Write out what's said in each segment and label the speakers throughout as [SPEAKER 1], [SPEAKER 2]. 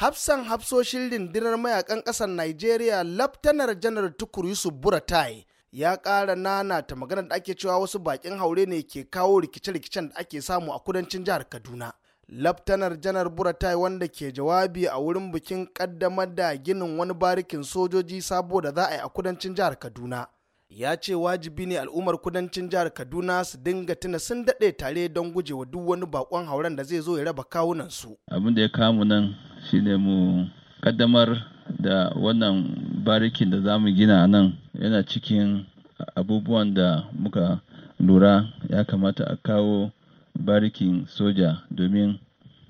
[SPEAKER 1] hafsan hafsoshin lindirar mayakan ƙasar nigeria Laftanar Janar Tukur Yusuf Buratai ya ƙara nana ta maganar da ake cewa wasu bakin haure ne ke kawo rikice-rikicen da ake samu a kudancin jihar Kaduna. Laftanar Janar Buratai wanda ke jawabi a wurin bikin kaddamar da ginin wani barikin sojoji sabo da za a yi a kudancin jihar Kaduna. Ya ce wajibi ne al'ummar kudancin jihar Kaduna su dinga tuna sun daɗe tare don gujewa duk wani bakon hauren da zai zo ya raba kawunan su.
[SPEAKER 2] Abin da ya kamu nan Shi ne mu kaddamar da wannan barikin da za mu gina a nan yana cikin abubuwan da muka lura ya kamata a kawo barikin soja domin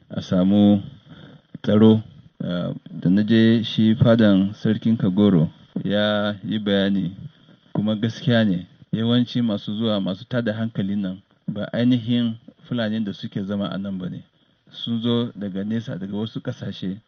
[SPEAKER 2] a samu tsaro da na je shi fadan sarkin kagoro ya yi bayani kuma gaskiya ne yawanci masu zuwa masu tada hankali nan ba ainihin fulani da suke zama a nan ba ne sun zo daga nesa daga wasu ƙasashe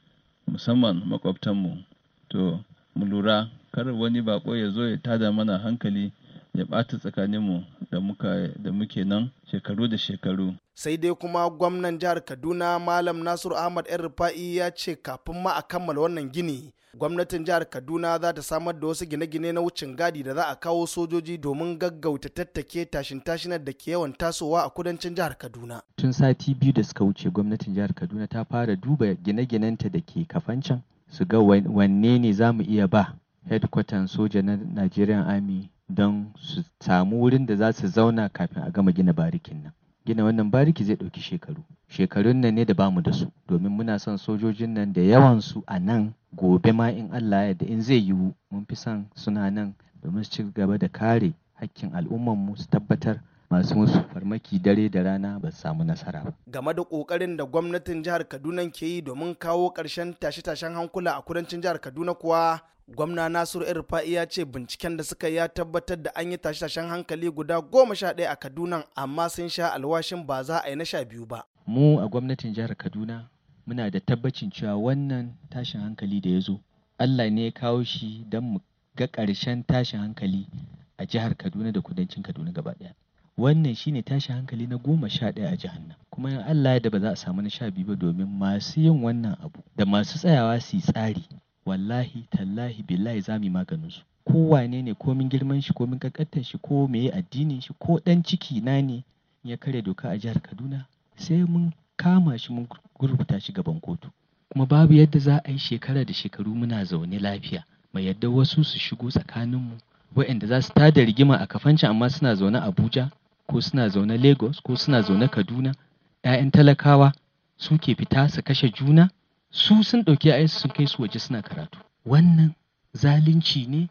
[SPEAKER 2] musamman makwabtanmu to mu lura kar wani baƙo ya zo ya tada mana hankali ya ɓata tsakaninmu da muke nan shekaru da shekaru.
[SPEAKER 1] Sai dai kuma gwamnan jihar Kaduna Malam Nasiru Ahmad ‘yan rufa'i ya ce kafin ma a kammala wannan gini, gwamnatin jihar Kaduna za ta samar da wasu gine-gine na wucin gadi da za a kawo sojoji domin gaggauta tattake tashin tashinar da ke yawan tasowa a kudancin jihar Kaduna.
[SPEAKER 3] Tun sati biyu da suka wuce gwamnatin jihar Kaduna ta fara duba gine-ginenta da ke kafancan su ga wanne ne za mu iya ba hedkwatan soja na Nigerian Army don su samu wurin da za su zauna kafin a gama gina barikin nan gina wannan bariki zai ɗauki shekaru shekarun nan ne da bamu da su domin muna son sojojin nan da yawan su a nan gobe ma in Allah ya da in zai yiwu mun fi son suna nan domin su ci gaba da kare hakkin al'ummar mu su tabbatar masu musu farmaki dare da rana ba samu nasara ba.
[SPEAKER 1] Game da ƙoƙarin da gwamnatin jihar Kaduna ke yi domin kawo ƙarshen tashe-tashen hankula a kudancin jihar Kaduna kuwa gwamna Nasiru Irfa ya ce binciken da suka ya tabbatar da an yi tashe-tashen hankali guda goma sha ɗaya a Kaduna amma sun sha alwashin ba za a yi na sha biyu ba.
[SPEAKER 3] Mu a gwamnatin jihar Kaduna muna da tabbacin cewa wannan tashin hankali da ya zo Allah ne ya kawo shi don mu ga ƙarshen tashin hankali a jihar Kaduna da kudancin Kaduna gaba ɗaya. wannan shine tashi hankali na goma sha ɗaya a nan. kuma in Allah da ba za a samu na sha biyu ba domin masu yin wannan abu da masu tsayawa su tsari wallahi tallahi billahi za mu yi maganin su ko wane ne min girman shi ko min kakkantar shi ko meye addinin shi ko dan ciki na ne ya karya doka a jihar Kaduna sai mun kama shi mun gurbuta shi gaban kotu kuma babu yadda za a yi shekara da shekaru muna zaune lafiya mai yadda wasu su shigo tsakaninmu waɗanda za su tada rigima a kafanci amma suna zaune Abuja ko suna zaune Lagos ko suna zaune Kaduna ‘ya'yan talakawa suke fita su kashe juna su sun ɗauki ‘ya'yansu sun kai su waje suna karatu wannan zalunci ne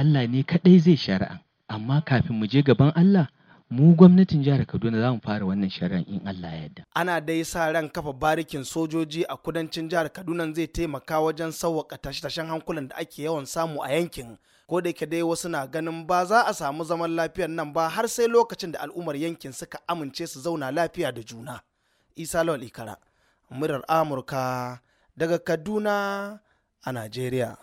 [SPEAKER 3] Allah ne kaɗai zai shari'a amma kafin mu je gaban Allah mu gwamnatin jihar Kaduna za mu fara wannan sharan in Allah ya yarda.
[SPEAKER 1] Ana dai sa ran kafa barikin sojoji a kudancin jihar Kaduna zai taimaka wajen sauwaka tashe-tashen hankulan da ake yawan samu a yankin. Ko da yake dai wasu na ganin ba za a samu zaman lafiyar nan ba har sai lokacin da al'ummar yankin suka amince su zauna lafiya da juna. Isa Lawal Ikara, murar Amurka daga Kaduna a Najeriya.